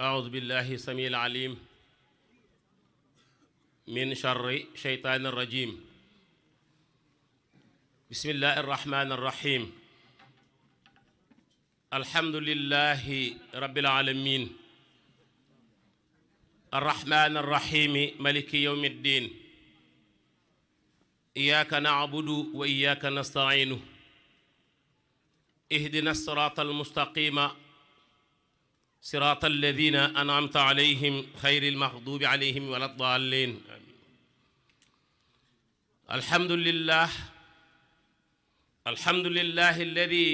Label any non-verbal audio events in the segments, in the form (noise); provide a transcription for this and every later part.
أعوذ بالله السميع العليم من شر شيطان الرجيم بسم الله الرحمن الرحيم الحمد لله رب العالمين الرحمن الرحيم ملك يوم الدين إياك نعبد وإياك نستعين اهدنا الصراط المستقيم siraat alladina anamta alayhim xayri almaxdubi alayhim wala daalin alhamdulillah alhamdulillah alladi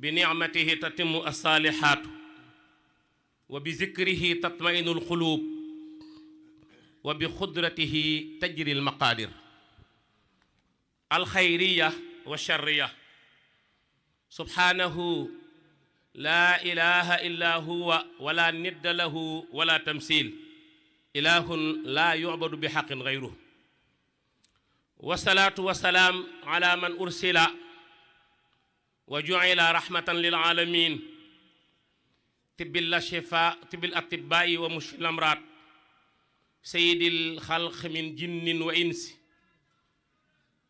bi nicmatihi tatimu alsaalixaatu wa bi zikrihi tatmainu alxuluub wa bi xudratihi tajri almaqaadir alxayriya wa charriya subhaanahu laa ilaha illa huwa wala nidda lahu wala tamsil ilahun laa yubadu bi xaqin gayru wasalaatu wasalaam ala man ursila wa jucila rahmatan lil alamin tibil la shifa tibil atibaa'i wa mushfil amraat sayyidil xalq min jinnin wa insi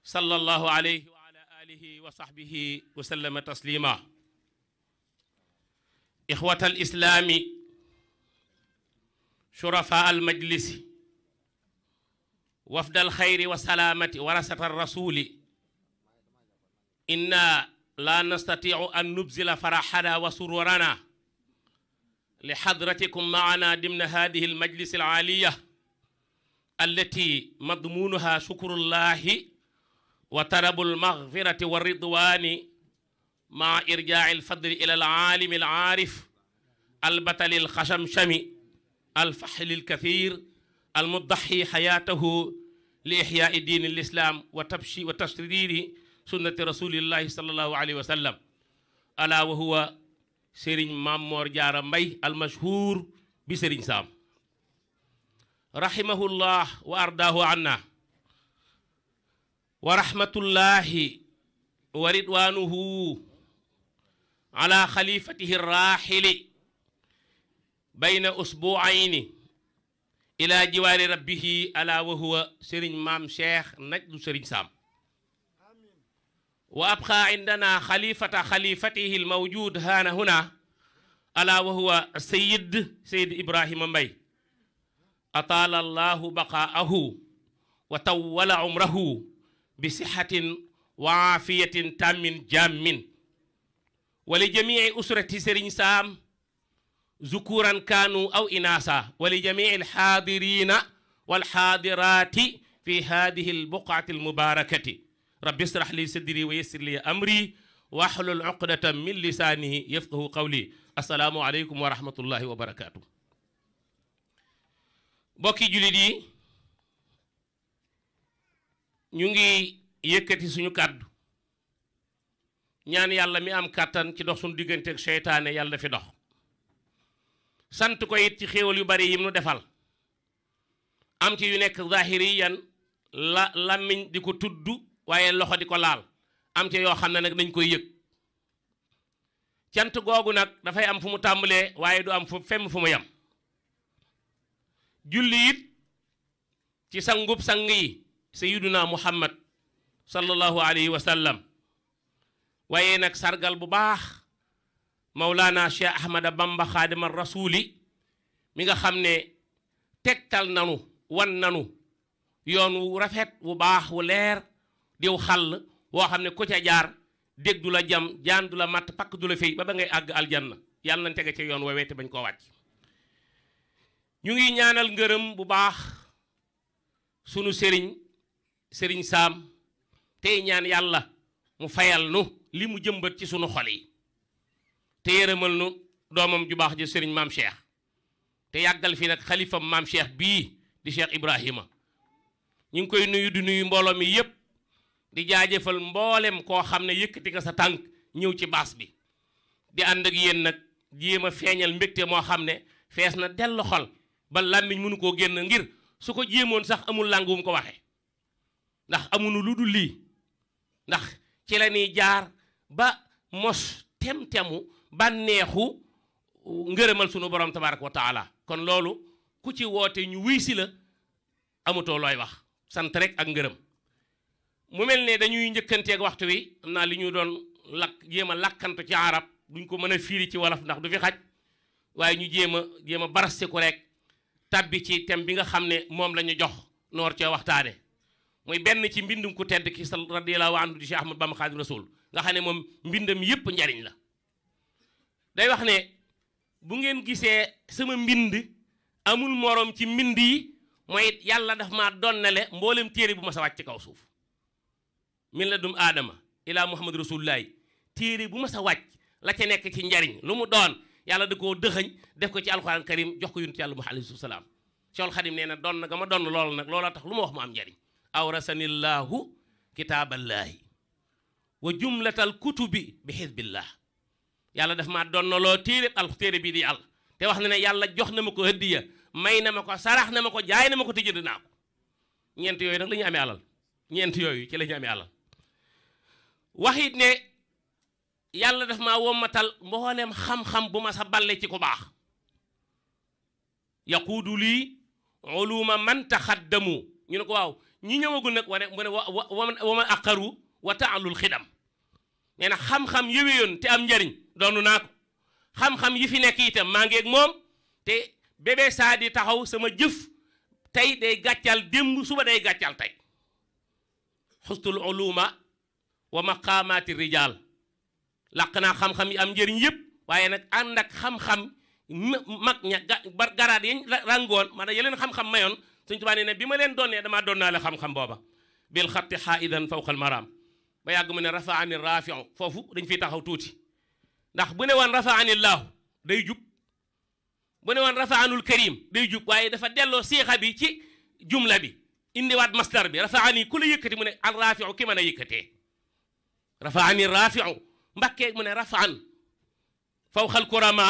sallallahu alayhi wa ala alihi wa sahbihi wa sallama taslima ixwata al islaami shurafa al majlisi wafda al xayri wa salaamati warasata al rasuli inna la nastatiu an nubzila faraxana wa sururana li xadratikum maana dimna hadihi al majlis al aaliya allati madmunuha shukrullahi wa talabul maxfirati wa ridwaani maa irjaa il fadli ila al aalimi al aarif al batali al xashamshami al faxli al kathir al muddaxi xayaatahu li ixyaai diini l islaam wa tabshi wa tashriri sunnati rasulillahi sallallahu alayhi wa sallam ala wa huwa sëriñ maam moor jaara mbay al mashhuur bi sëriñ saam rahimahullah wa ardaahu anna wa rahmatullahi wa ridwanuhu ala xalifatihi raaxili bayna usbuayni ila jiwaari rabbihi ala wa huwa sëriñ maam cheikh naj du sëriñ saam wa abqa indana xalifata xalifatihi almawjud haana huna ala wa huwa sayid sayid ibrahima mbay ataala allahu baqaahu wa tawwala umrahu bi sixatin wa aafiyatin tammin jammin wali jamii usrati sëriñ saam zukuran kaanu aw inaasa wali jamii alxaadirina walxaadiraati fi hadihi albuqaati almubarakati rabbi israh li sadri wa yassir li amri waxlul uqdatan min lisaanihi yafqahu qawli asalaamu aleykum wa rahmatullahi wa barakaatu. mbokki jullit yi ñu ngi yëkkati suñu kàddu ñaan yàlla mi am kàttan ci dox su digganteek ak seytaane yàlla fi dox sant ko it ci xéewal yu bari yi nu defal am ci yu nekk yan la làmmiñ di ko tudd waaye loxo di ko laal am ci yoo xam ne nag dañ koy yëg cant googu nag dafay am fu mu tàmbalee waaye du am fu femm fu mu yem julli it ci sangub sang yi naa muhammad sallallahu alayhi wa sallam waaye nag sargal bu baax Maulana Cheikh Ahmada Bamba Xaadima Rasuli mi nga xam ne tegtal nanu wan nanu yoon wu rafet wu baax wu leer diw xàll woo xam ne ku ca jaar dégg du la jam jaan du la matt pakk du la fay ba ba ngay àgg aljanna yàlla nañ tege ca yoon woowee te bañ koo wàcc ñu ngi ñaanal ngërëm bu baax sunu sëriñ sëriñ saam tey ñaan yàlla mu fayal nu li mu jëmbët ci sunu xol yi te yërëmal nu doomam ju baax ji sëriñ maam Cheikh te yàggal fi nag xalifam maam Cheikh bii di Cheikh Ibrahima ñu ngi koy nuyu di nuyu mbooloo mi yépp di jaajëfal mbooleem koo xam ne yëkkati nga sa tànk ñëw ci baas bi di ànd ak yéen nag jéem a feeñal mbégte moo xam ne fees na dell xol ba làmmiñ mënu koo génn ngir su ko jéemoon sax amul làng wu ko waxe ndax amuñu lu dul lii ndax ci la ñuy jaar ba mos tem-temu bànneexu uh, ngërëmal sunu borom tabaraka wa kon loolu ku ci woote ñu wuy si la amutoo looy wax sant rek ak ngërëm mu mel ne dañuy njëkkanteeg waxtu wi am naa li ñu doon lakk jéem a lakkantu ci arab duñ ko mën a fiiri ci wolof ndax du fi xaj waaye ñu jéem a jéem a barastiku rek tàbbi ci thème bi nga xam ne moom la ñu jox noor cee waxtaane muy benn ci mbindum ku tedd ki sa radiyallahu anhu di Cheikh Ahmad Bamba Xaadimu Rasuul nga xam ne moom mbindam yépp njariñ la day wax ne bu ngeen gisee sama mbind amul moroom ci mbind yi mooy yàlla daf maa donnale mboolem téere bu ma sa ci kaw suuf min la dum aadama ilaa muhammad rasulullaahi téere bu ma sa wàcc la ca nekk ci njariñ lu mu doon yàlla da koo dëxëñ def ko ci alxuraan karim jox ko yonent yàlla mu alayhi salaam Seexul Xadim nee na doon na ga ma doon loolu nag looloo tax lu ma wax mu am njariñ awrasanillaahu kitaaballaahi wa jumlatal kutubi bi xisbillah yàlla def ma donnaloo téere al téere bii di yàlla te wax na ne yàlla jox na ma ko hëddiya may na ma ko sarax na ma ko jaay na ma ko te jënd naa ko ñeent yooyu nag la ñu amee alal ñeent yooyu ci la ñu amee alal wax it ne yàlla daf maa wommatal mbooleem xam-xam bu ma sa balle ci ku baax yaquudu lii uluma man taxaddamu ñu ne ko waaw ñi ñëwagul nag wane ne wa wa wa man aqaru wa taalul xidam nee na xam-xam yi te am njariñ doonu naa ko xam-xam yi fi nekk itam maa ngi moom te bébé saa di taxaw sama jëf tey day gàccal démb suba day gàccal tey xustul uluma wa maqaamaati rijaal làq naa xam-xam yi am njëriñ yëpp waaye nag ànd ak xam-xam mag ña bar garaat yañ rangoon maanaam yeleen xam-xam mayoon suñ tubaa nee ne bi ma leen doonnee damaa doon naa la xam-xam booba bil xatti xaa idan fawqal maraam ba yàgg mu ne rafaani rafiu foofu dañ fiy taxaw tuuti ndax bu ne woon rafaani laahu day jub bu ne woon rafaanul karim day jub waaye dafa delloo siixa bi ci jumla bi indiwaat mastar bi rafaani ku la yëkkati mu ne al rafiu ki mën a yëkkatee rafaani rafiu mbakkee mu ne rafaan faw xal kurama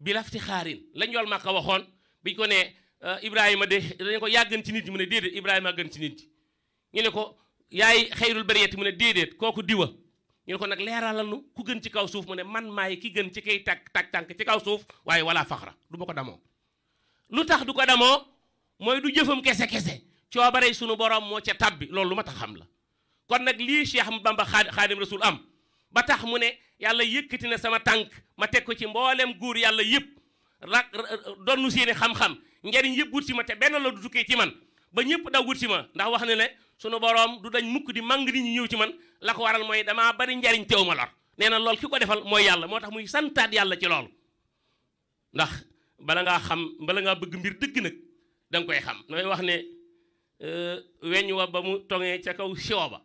bi lafti xaarin lañ yool ma ko waxoon biñ ko ne euh, ibrahima de dañ ko yàggan ci nit ñi mu ne ibrahima gën ci nit ñi ñu ne ko yaay xayrul bariyati mu ne déedéet kooku diwa ñu ne ko nag leeralal nu ku gën ci kaw suuf mu ne man maay ki gën ci kay tàkk tàkk tànk ci kaw suuf waaye wala faxra du ma ko damoo lu tax du ko damoo mooy du jëfam kese-kese coobare sunu borom moo ca tabbi loolu lu ma tax xam la kon nag lii Cheikh Ahmadou Bamba xaadim rasul am ba tax mu ne yàlla yëkkati na sama tànk ma teg ko ci mboolem guur yàlla yëpp ra donnu seeni xam-xam njariñ yëpp wut si ma te benn la du tukkee ci man ba ñëpp daw wut si ma ndax wax ne ne sunu boroom du dañ mukk di màng nit ñëw ci man la ko waral mooy damaa bari njariñ teew ma lor nee na lool ki ko defal mooy yàlla moo tax muy santaat yàlla ci loolu ndax bala ngaa xam bala ngaa bëgg mbir dëgg nag da nga koy xam nooy wax ne euh, weñ wa ba mu toŋee ca kaw siwo ba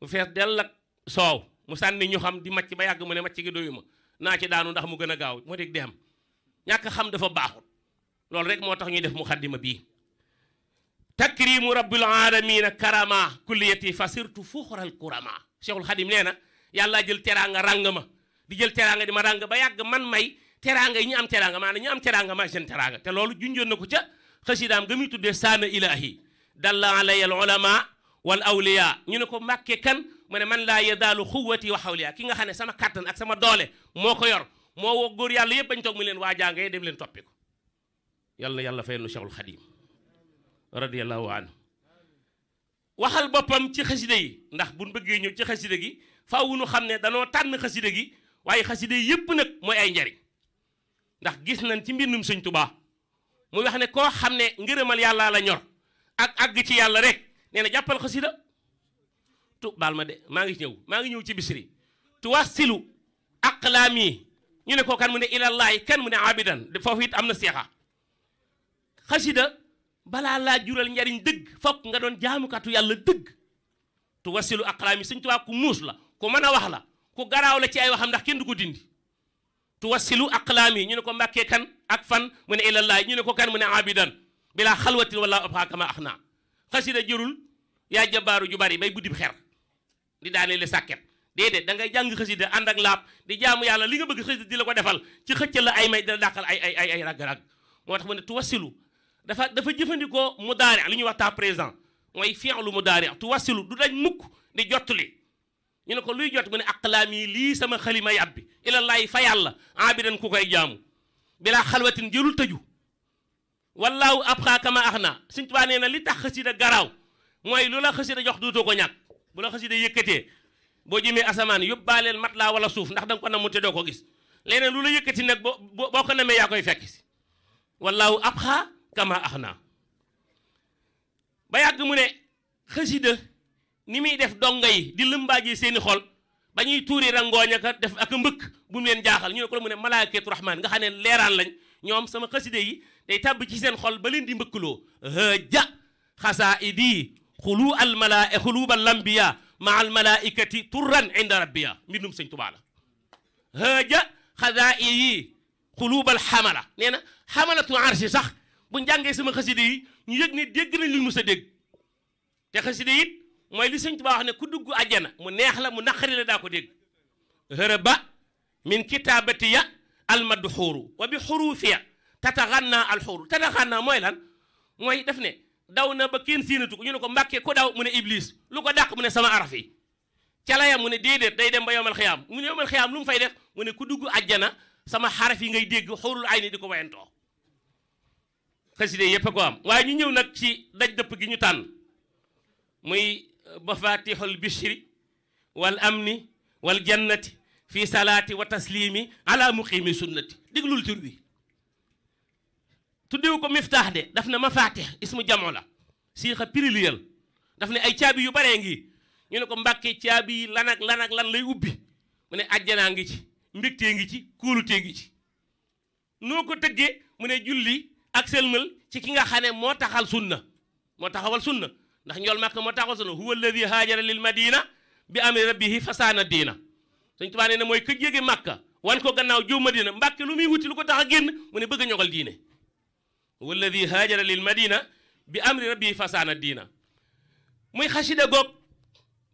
mu fees dell ak soow mu sànni ñu xam di macc ba yàgg ma ne macc gi doyu ma naa ci daanu ndax mu gën a gaaw moo dégg de am ñàkk xam dafa baaxul loolu rek moo tax ñuy def mu ma bii takrimu rabbil alamina karama kulliyati fasirtu fuxural kurama cheikhul xadim nee na yàlla jël teraanga ràng ma di jël teraanga di ma ràng ba yàgg man may teraanga yi ñu am teraanga maanaam ñu am teraanga ma seen teraanga te loolu junjoon na ko ca xasidaam ga muy tuddee saana ilahi dalla alay al ulama wal awliya ñu ne ko mbàkkee kan mu ne man laa yadaalu xuwati wa xawliya ki nga xam ne sama kattan ak sama doole moo ko yor moo woo góor yàlla yëpp bañ toog mu leen waa jàngee dem leen toppi ko yàlla na yàlla fayal nu cheikhul xadim radiallahu anhu waxal boppam ci xasida yi ndax buñ bëggee ñëw ci xasida gi faw nu xam ne danoo tànn xasida gi waaye xasida yi yëpp nag mooy ay njariñ ndax gis nañ ci mbindum sëñ tubaa muy wax ne koo xam ne ngërëmal yàlla la ñor ak àgg ci yàlla rek nee na jàppal xasida tu baal ma de maa ngi ñëw maa ngi ñëw ci bisri tuwasilu aqlaam yi ñu ne ko kan mu ne ilallaahi kan mu ne abidan foofu it am na seexa xasida balaa laa jural njariñ dëgg fokk nga doon jaamukatu yàlla dëgg tu wasilu aqlaam yi sëñ ku muus la ku mën a wax la ku garaaw la ci ay waxam ndax kenn du ko dindi tu wasilu aqlaam yi ñu ne ko mbàkkee kan ak fan mu ne ilallaah ñu ne ko kan mu ne abidan bilaa xalwatin wala abxaakama ax naa xasida jarul yaa jabaaru ju bari bay buddib xer di daane le sàkket déedéet da ngay jàng xasida ànd ak laab di jaamu yàlla li nga bëgg xasida di la ko defal ci xëccal la ay may dina dàqal ay ay ay ay ragg-ragg moo tax mu ne tu wasilu dafa dafa jëfandikoo mudaari li ñuy wax temps présent mooy fi'lu mudaari tuwasilu du dañ mukk di jot li ñu ne ko luy jot mu ne aqlaami lii sama xalima yàbbi ilallaay fa yàlla aabidan ku koy jaamu bilaa xalwatin jëlul tëju wallaahu abqaa kama axnaa Sëñ Tuubaa nee na li tax xasida garaaw mooy lu la xasida jox duutoo ko ñàkk bu la xasida yëkkatee boo jëmee asamaan yóbbaaleel mat laa wala suuf ndax danga ko namu te doo ko gis leneen lu la yëkkati nag boo boo ko namee yaa koy fekk kama ax naa ba yàgg mu ne xasida ni muy def donga yi di lëmbaaje seeni xol ba ñuy tuuri rangooñ aka def ak mbëkk bu mu leen jaaxal ñu ne ko mu ne malaakatu rahmaan nga xam leeraan lañ ñoom sama xasida yi day tàbb ci seen xol ba leen di mbëkkaloo ja xasaa idii xulu al malaa xuluba lambiya ma al malaaikati turran inda rabbiya mbindum sëñ tubaa la ja xasaa idii xuluba al xamala nee na xamalatu arsi sax buñ jàngee sama xaside yi ñu yëg ne dégg nañ luñ mës a dégg te xaside it mooy li sëñ Tuubaa wax ne ku dugg àjjana mu neex la mu naqari la daa ko dégg hërëba min kitaabati ya almadu xuuru wa bi xuruufiya tataxannaa alxuuru tataxannaa mooy lan mooy def ne daw na ba kenn séenatu ko ñu ne ko mbàkkee ku daw mu ne lu ko dàq mu ne sama araf yi calaya mu ne déedéet day dem ba yomal xiyaam mu ne yomal xiyaam lu mu fay def mu ne ku dugg àjjana sama xaraf yi ngay dégg xuurul ay ni di ko wayantoo xaside yëpp a ko am waaye ñu ñëw nag ci daj dëpp gi ñu tànn muy euh, mafatixul bishri wal amni wal jannati fi salaati wa taslimi ala muqimi sunnati diglul tur bi tuddewu ko miftaax de daf ne mafatix ismu jamo la siixa piriliyal daf ne ay caabi yu baree ngi ñu ne ko mbàkke caabi yi lan ak lan lay ubbi mu ne ajjanaa ngi ci mbégtee ngi ci kóolutee ngi ci noo ko tëggee mu ne julli ak sëlmal ci ki nga xam ne moo taxal sunna moo taxawal sunna ndax njool màkk moo taxawal sunna huwa alladi haajara lil madina bi amri rabbihi fasaana diina suñ tubaa na mooy këj yéegi màkka wan ko gannaaw jiw madina mbàkke lu muy wuti lu ko tax a génn mu bëgg a ñogal diine huwa alladi haajara lil madina bi amri rabbihi fasaana diina muy xasida goog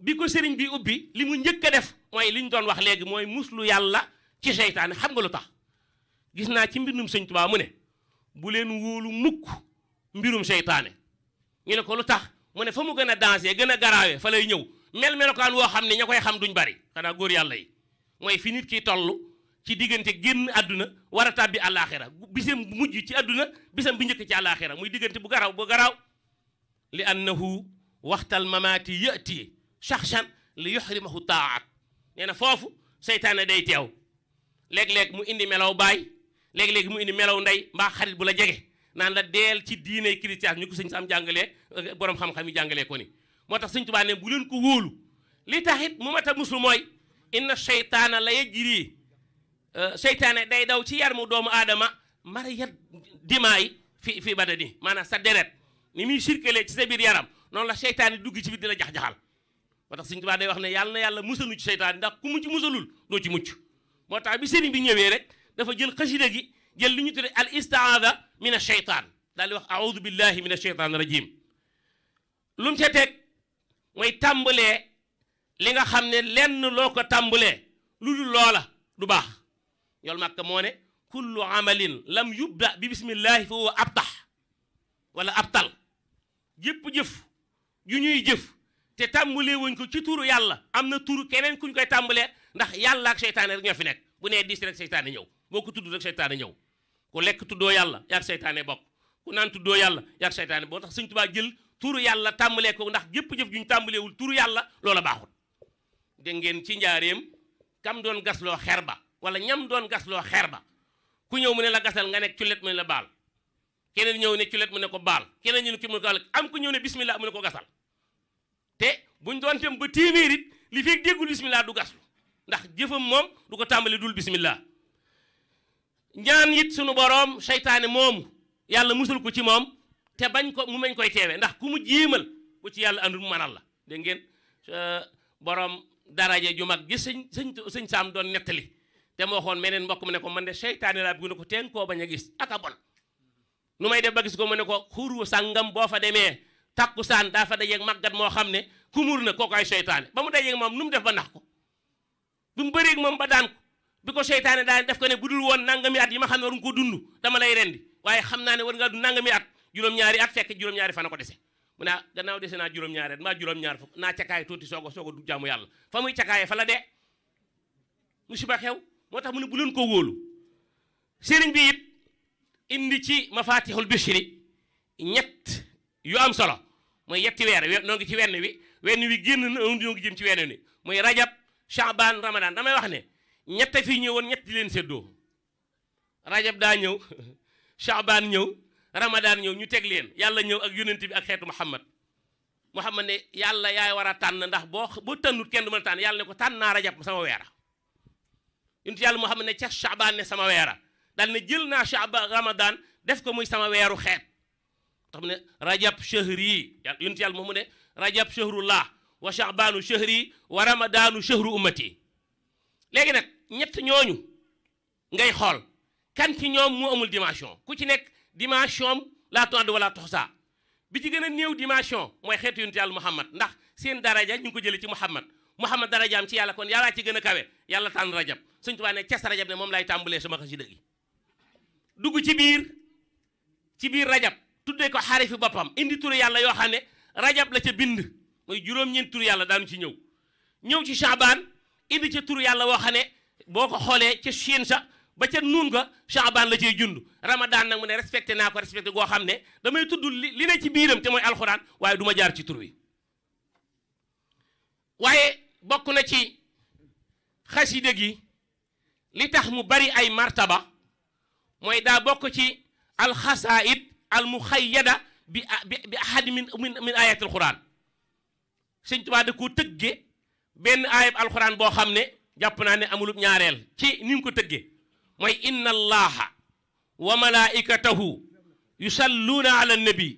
bi ko sëriñ bi ubbi li mu njëkk a def mooy li ñu doon wax léegi mooy muslu yàlla ci seytaane xam nga lu tax gis naa ci mbindum sëñ tubaa mu ne bu leen wóolu mukk mbirum seytaane ñu ne ko lu tax mu ne fa mu gën a dansé gën a garaawe fa lay ñëw mel melokaan woo xam ne ña koy xam duñ bari xanaa góor yàlla yi mooy fi nit ki toll ci diggante génn àdduna war a tàbbi àllaaxira bisam bu mujj ci àdduna bisam bu njëkk ci àllaaxira muy diggante bu garaaw bu garaaw li annahu waxtal mamaati yati shaxsan li yuxrimahu taat nee na foofu seytaane day teew léeg-léeg mu indi melaw baay léegi-léegi mu indi melaw ndey mbaa xarit bu la jege naan la deel ci diine chrétien ñu ko sëñ sam jàngalee euh, borom xam-xam yi jàngalee ko ni moo tax sëñ Tuubaa ne bu leen ko wóolu li taxit mu mat a muslu mooy inna seytaana la yajri euh, seytaane day daw ci yaramu doomu aadama mara yat dimaay fi fi badani maanaam sa deret ni muy circulé ci sa biir yaram noonu la seytaane dugg ci biir di la jax-jaxal moo tax sëñ Tuubaa day wax na yàlla na yàlla musalu ci seytaane ndax ku mucc musalul doo ci mucc moo tax bi sëriñ bi ñëwee rek dafa jël xasida gi jël lu ñu tudde al istiaada min asheytaan daal di wax audu billahi min asheytaan rajim lu mu ca teg mooy tàmbalee li nga xam ne lenn loo ko tàmbalee lu dul loola du baax yoolu màkk moo ne kullu amalin lam yubda bi bismillahi fa huwa abtax wala abtal jëpp jëf ju ñuy jëf te tàmbalee wuñ ko ci turu yàlla am na turu keneen kuñ koy tàmbalee ndax yàlla ak seytaane rek ñoo fi nekk bu nee diis rek seytaane ñëw boo ko tudd rek seytaane ñëw ku lekk tuddoo yàlla yaag seytaane bokk ku naan tuddoo yàlla yaag seytaane boo tax sëñ Tuubaa jël turu yàlla tàmbalee ko ndax gépp jëf juñ tàmbaleewul turu yàlla loola baaxul dégg ngeen ci njaareem kam doon gasloo xer ba wala ñam doon gasloo xer ba ku ñëw mu ne la gasal nga nekk culet mu ne la baal keneen ñëw ne culet mu ne ko baal keneen ñu ne ki mu ne ko am ku ñëw ne bismillah mu ne ko gasal te bu doon dem ba téeméer it li fekk déggul bismillah du gaslu ndax jëfam moom du ko tàmbali dul bismillah ñaan it sunu boroom seytaane moomu yàlla musul ko ci moom te bañ ko mu mañ koy teewe ndax ku mu jéemal bu ci yàlla andul mu manal la dégg ngeen boroom daraje ju mag gis sëñ sëñ sëñ saam doon nettali te ma waxoon meneen mbokk mu ne ko man de seytaane laa bëgg ko teen koo bañ a gis ak a bon may def ba gis ko mu ne ko xuru sàngam boo fa demee takkusaan daa fa dajeeg màggat moo xam ne kumur na koo ay seytaane ba mu dajeeg moom nu mu def ba nax ko bu moom ko bi ko seytaane daane def ko ne bu dul woon nangami at yi ma xam ne waruñu ko dund dama lay rendi waaye xam naa ne war ngaa dund nangami at juróom-ñaari at fekk juróom-ñaari fana ko dese mu ah, dese naa juróom-ñaari at maa juróom-ñaar fukk naa cakaay a a du jaamu yàlla fa muy cakaayee fa la dee musiba xew moo tax mu ne bu leen ko wóolu sëriñ bi it indi ci mafatihul bishri ñett yu am solo mooy yetti weer noo ngi ci wenn wi wenn wi génn na noo jëm ci wenn wi muy rajab chaban ramadan damay wax ne ñett a fi ñëwoon ñett di leen séddoo rajab daa ñëw (laughs) shaabaan ñëw ramadaan ñëw ñu teg leen yàlla ñëw ak yonent bi ak xeetu muhammad muhammad ne yàlla yaay war a tànn ndax boo boo tànnut kenn du mën a tànn yàlla ne ko tànn naa rajab sama weera yonent yàlla muhammad ne ca shaabaan ne sama weera dal ne jël naa shaabaan ramadaan def ko muy sama weeru xeet tax ne rajab shahri yàlla yonent yàlla moom mu ne rajab laa wa shaabaanu shahri wa ramadaanu shahru ummati léegi nag ñett ñooñu ngay xool kan ci ñoom mu amul dimension ku ci nekk dimension am laa tudd wala toxsaa bi ci gën a néew dimension mooy xeetu yonent yàlla Muhammad ndax seen daraja ñu ko jëlee ci Muhammad Muhammad darajaam ci yàlla kon yàllaa ci gën a kawe yàlla tànn rajab Sëñ Tuubaa ne cas rajab ne moom lay tàmbalee sama xasida gi dugg ci biir ci biir rajab tuddee ko xarifi boppam indi turu yàlla yoo xam ne rajab la ca bind mooy juróom-ñeent turu yàlla daanu ci ñëw ñëw boo ko xoolee ca Chine sa ba ca nuun ga Chaabaan la cay jund Ramadan nag mu ne respecté naa ko respecté goo xam ne damay tudd li li ne ci biiram te mooy alxuraan waaye duma ma jaar ci tur waaye bokk na ci xaside gi li tax mu bari ay martaba mooy daa bokk ci alxasaid al muxayyada bi bi ahadi min min ayatil quran sëñ da koo tëgge benn ayab alxuraan boo xam ne jàpp naa ne amulub ñaareel ci ni mu ko tëggee mooy inna allaha wa malaikatahu yusalluuna ala nabi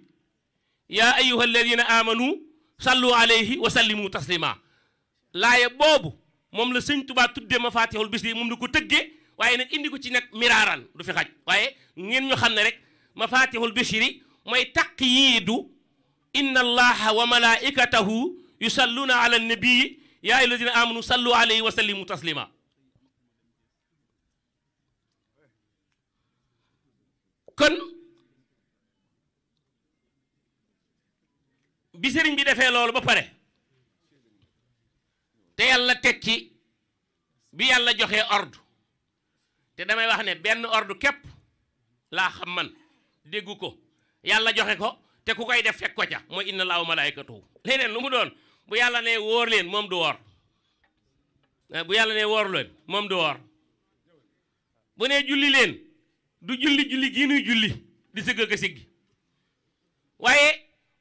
yaa ayuha alladina amanu sallu alayhi wa sallimu taslima laaya boobu moom la sëñ tubaa tuddee ma faatixul bis yi moom la ko tëggee waaye nag indi ko ci nag miraaran du fi xaj waaye ngeen ñu xam ne rek mafatihul bishri mooy taqyiidu inna allaha wa malaikatahu yusalluuna ala nabii yaa ayyuha alladina amanu sallu alayhi wa sallimu taslima kon bi sëriñ bi defee loolu ba pare te yàlla teg ci bi yàlla joxee ord te damay wax ne benn ord képp laa xam man déggu ko yàlla joxe ko te ku koy def fekk ko ca mooy inna laahu malaykatuhu leneen lu mu doon bu yàlla ne wóor leen moom du woor eh, bu yàlla ne woor leen moom du woor bu ne julli leen du julli julli gii nuy julli di sëgg ak a waaye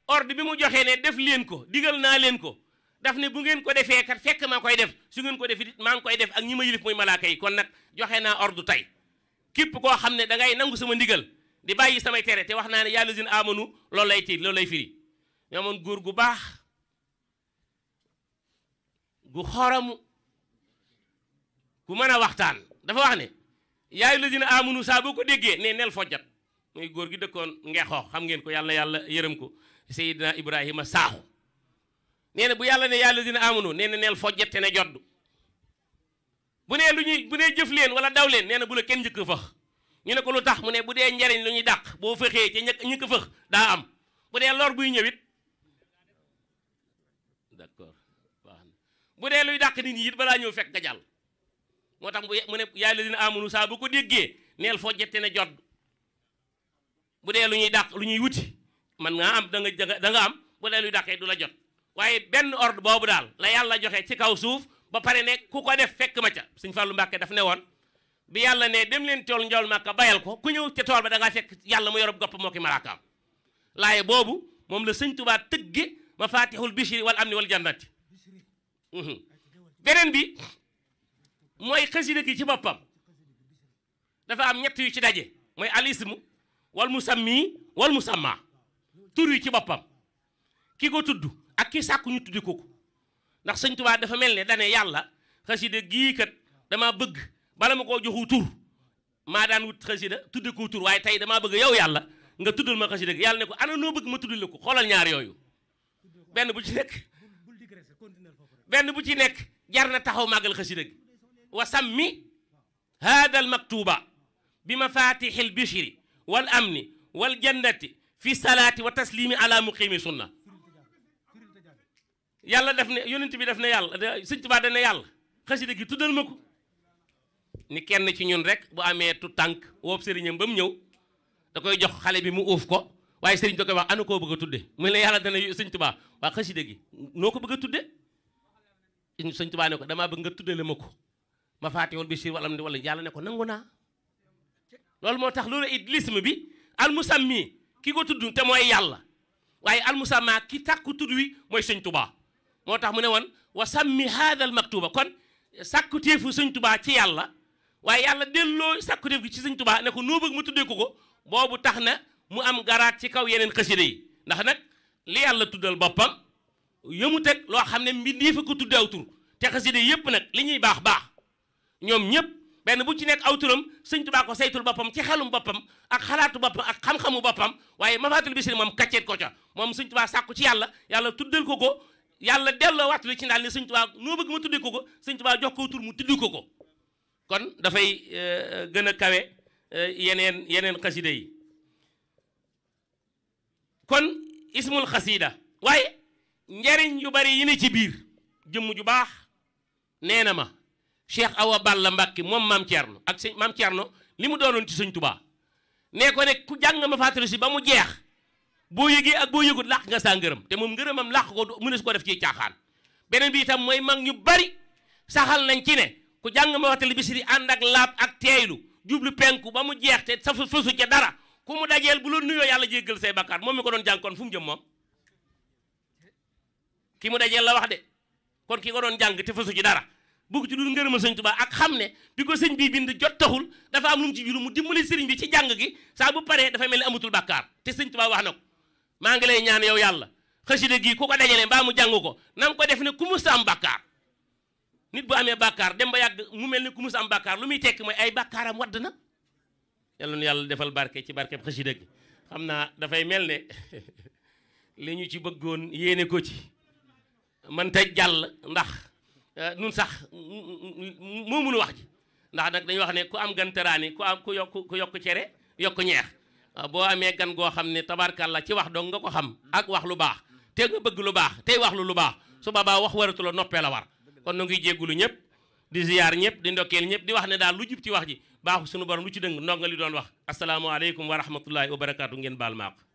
ord bi mu joxee ne def leen ko digal naa leen ko daf ne bu ngeen ko defee kat fekk maa koy def su ngeen ko def maa ngi koy def ak ñi ma yilif muy malaaka yi kon nag joxe naa ordre tey képp koo xam ne da ngay nangu sama ndigal di bàyyi samay tere te wax naa ne yàlla zin amanu lool lay tiir lool lay firi ñoo amoon gu baax gu xoromu ku mën a waxtaan dafa wax ne yaay la dina amunu saa boo ko déggee ne nel fojjat muy góor gi dëkkoon ngeexoox xam ngeen ko yàlla yàlla yërëm ko Seydina Ibrahima saaxu nee na bu yàlla ne yàlla dina amunu nee na neel fojjat te ne joddu bu nee lu ñuy bu nee jëf leen wala daw leen nee na bu la kenn njëkk fëx ñu ne ko lu tax mu ne bu dee njariñ lu ñuy dàq boo fëxee ca ñëkk ñëkk fëx daa am bu dee lor buy ñëwit d'accord bu dee luy dàq nit ñi it balaa ñëw fekk nga jàll moo tax mu ne yaay la dina amunu saa ko déggee neel foo jette ne jot bu dee lu ñuy dàq lu ñuy wuti man nga am da nga da nga am bu dee luy dàqee du la jot waaye benn ordre boobu daal la yàlla joxe ci kaw suuf ba pare ne ku ko def fekk ma ca Sëñ Fallu Mbàkke daf ne woon bi yàlla nee dem leen tool njool màkka bayal ko ku ñëw ca tool ba da ngaa fekk yàlla mu yorob gopp moo ki malaakaam laaye boobu moom la sëñ Tubaa tëgge mafaatixul bichri wal amni wal jannati Mhm. beneen bi mooy xasida gi ci boppam dafa am ñett yu ci daje mooy alismu wal musammi wal musamma tur yu ci boppam ki ko tudd ak ki sàkku ñu tuddi ko ko ndax sëñ Tuubaa dafa mel ne dane yàlla xasida gii kat dama bëgg bala ma koo joxu tur maa daan wut xasida tuddi ko tur waaye tey damaa bëgg yow yàlla nga tuddal ma xasida gi yàlla ne ko ana noo bëgg ma tuddal la ko xoolal ñaar yooyu benn bu ci nekk benn bu ci nekk jar na taxaw màggal xasida gi wa sammi hada al maktuba bi mafatixi al bichri wal amni wal jannati fi salaati wa taslimi ala muqimi sunna yàlla def ne yonent bi def ne yàlla sëñ Tuubaa def ne gi tuddal ma ko ni kenn ci ñun rek bu amee tu tànk woob sëriñam ba mu ñëw da koy jox xale bi mu uuf ko waaye sëriñ da anu koo bëgg a tudde mu ne yàlla dana sëñ Tuubaa waa xasida noo ko bëgg tudde in sëñ Tuubaa ko damaa bëgg nga tuddale ma ko ma faatihul bishir wala wala yàlla ne ko nangu naa loolu moo tax loolu idlisme bi almusammi ki ko tudd te mooy yàlla waaye almusamma ki tàkku tudd wi mooy sëñ Tuubaa moo tax mu ne woon wa sammi haada al maktuba kon sàkku téefu sëñ Tuubaa ci yàlla waaye yàlla delloo sàkku téef gi ci sëñ Tuubaa ne ko noo bëgg ma tuddee ko ko boobu tax na mu am garaat ci kaw yeneen xasida yi ndax nag li yàlla tuddal boppam yëmu teg loo xam ne mbindee fa ko tuddee aw tur te xasida yépp nag li ñuy baax baax ñoom ñëpp benn bu ci nekk aw turam sëñ Tuubaa ko saytul boppam ci xelum boppam ak xalaatu boppam ak xam-xamu boppam waaye mafaatul bisiri moom kàcceet ko ca moom sëñ Tuubaa sàkku ci yàlla yàlla tuddal ko ko yàlla delloo wàttuli ci ndaal ne sëñ Tuubaa noo bëgg ma tuddee ko ko sëñ Tuubaa jox ko tur mu tuddi ko ko kon dafay euh, gën a kawe euh, yeneen yeneen xasida yi kon ismul xasida njariñ yu bari yi ne ci biir jëmm ju baax nee na ma Cheikh Awa Balla Mbàkke moom maam Thierno ak sëñ maam Thierno li mu doonoon ci sëñ Tuubaa nee ko ne ku jàng ma fàttali si ba mu jeex boo yëgee ak boo yëgut làq nga saa ngërëm te moom ngërëmam làq ko mu ne su ko def ci caaxaan beneen bi itam mooy mag ñu bari saxal nañ ci ne ku jàng ma fàttali bi si di ànd ak laab ak teeylu jublu penku ba mu jeex te sa fasu ca dara ku mu dajeel bu la nuyoo yàlla jéggal say bakkaar moom mi ko doon fu mu jëm moom ki mu dajeel la wax de kon kii ko doon jàng te fasu ci dara bugg ci dul ngërëmal sëñ Tuubaa ak xam ne bi ko sëñ bii bind jot taxul dafa am lu mu ci juru mu dimbali sëriñ bi ci jàng gi saa bu paree dafa mel ni amatul bàkkaar te sëñ Tuubaa wax na ko maa ngi lay ñaan yow yàlla xasida gii gi ko dajale mbaa mu jàng ko nam ko def ne ku am bàkkaar nit bu amee bàkkaar dem ba yàgg mu mel ni ku musa am bakkaar lu muy tekk mooy ay bàkkaaram wadd na yàlla nu yàlla defal barke ci barkeb xasida gi xam naa dafay mel ne (laughs) li ñu ci bëggoon yéene ko ci man tey jàll ndax euh, nun sax moo mënu wax ji ndax nag dañu wax ne ku am gan teraani ku am ku yokk ku yokk cere yokk ñeex euh, boo amee gan goo xam ne tabarkàlla ci wax dong nga ko xam ak wax lu baax te nga bëgg lu baax tey wax lu lu baax su boobaa wax waratu la noppee la war kon nu ngi jéggulu ñëpp di ziyaar ñëpp di ndokkeel ñëpp di wax ne daal lu jub ci wax ji baaxu suñu borom lu ci dëng ndog nga li doon wax asalaamaaleykum wa rahmatullahi wa barakaatu ngeen baal maako